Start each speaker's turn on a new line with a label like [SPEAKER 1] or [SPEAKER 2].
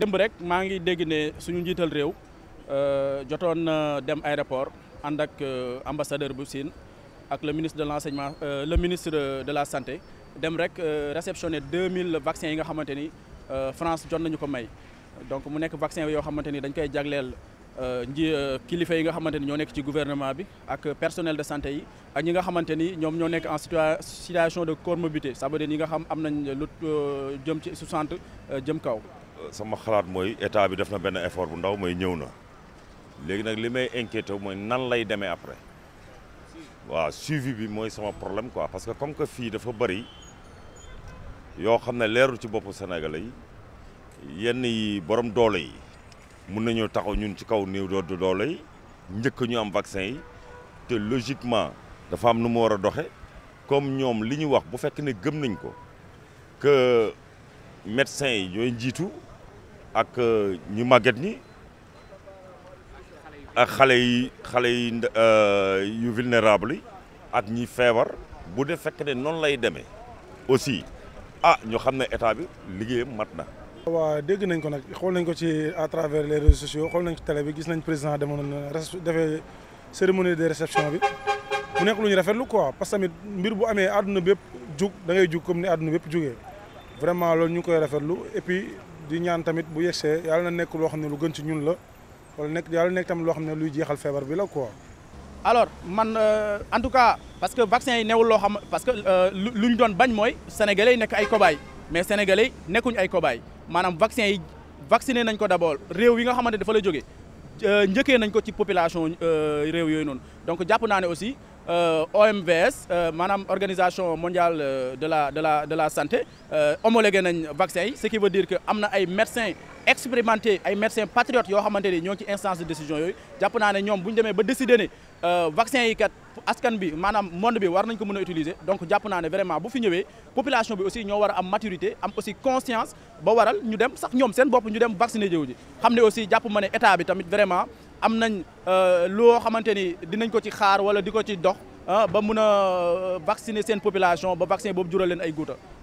[SPEAKER 1] démb rek maa ngi dégg ne suñu njiital réew euh, jotoon na dem aéroport ànd ak euh, ambassadeur bu Chine ak le ministre de l'enseignement euh, le ministre de la santé dem rek réceptionné 2000 vaccins yi nga xamante ni France jot nañu ko may donc mu nekk vaccin yoo xamante ni dañ koy jagleel nji kilifa yi nga xamante ni ñoo nekk ci gouvernement bi ak personnel de santé yi nga xamante ni ñoom ñoo nekk en situation de comorbidité ça veut dire ñi nga xam am nañ lu jëm ci 60
[SPEAKER 2] jëm kaw. sama xalaat mooy état bi def na benn effort bu ndaw mooy ñëw na léegi nag li may inquiété mooy nan lay demee après waaw suivi bi mooy sama problème quoi parce que comme que fii dafa bëri yoo xam ne leerul ci boppu Sénégalais yi yenn yi borom doole yi mun nañoo taxaw ñun ci kaw néew doodu doole yi njëkk ñu am vaccin yi te logiquement dafa am nu mu war a doxe comme ñoom li ñu wax bu fekk ne gëm nañ ko médecin yi ñooy njiitu ak euh, ñu màgget ñi ak xale yi xale yi euh, yu vulnérable yi ak ñi feebar bu dee fekk ne noon lay demee aussi ah ñoo xam ne état bi liggéeyam mat na.
[SPEAKER 3] waaw dégg nañ ko nag xool nañ ko ci à travers les réseaux sociaux xool nañ ko télé bi gis nañ président demoon na defee cérémonie de réception bi mu nekk lu ñu rafetlu quoi parce que tamit mbir bu amee àdduna bépp jug da jug comme ni àdduna bépp jugee. vraiment loolu ñu koy rafetlu et puis di ñaan tamit bu yegsee yàlla na nekk loo xam ne lu gën ci ñun la wala nekk yàlla nekk tamit loo xam ne luy jeexal feebar bi la quoi.
[SPEAKER 1] alors man euh, en tout cas parce que vaccin yi newul loo xam parce que euh, lu ñu doon bañ mooy sénégalais yi nekk ay cobaye mais sénégalais nekkuñ ay kobaay maanaam vaccin yi vacciné nañ ko d' abord réew yi nga xamante dafa la jóge euh, njëkkee nañ ko ci population réew yooyu noonu donc jàpp naa ne aussi. Euh, OMVS euh, maanaam organisation mondiale euh, de la de la de la santé homologué nañ vaccin yi ce qui veut dire que am na ay médecins expérimentés ay médecins patriotes yoo xamante ni ñoo ci instance décision jàpp naa ne ñoom bu ñu demee ba décider ne yi kat askan bi maanaam monde bi war nañ ko mën a utiliser donc jàpp naa ne vraiment bu fi ñëwee population bi aussi ñoo war am maturité am aussi conscience ba waral ñu dem sax ñoom seen bopp ñu dem vacciner jëw ji xam ne aussi jàpp ma ne état bi tamit am nañ euh, loo xamante ni dinañ ko ci xaar wala di ko ci dox ah, ba mun a euh, vacciner seen population ba vaccin boobu jural leen ay guuta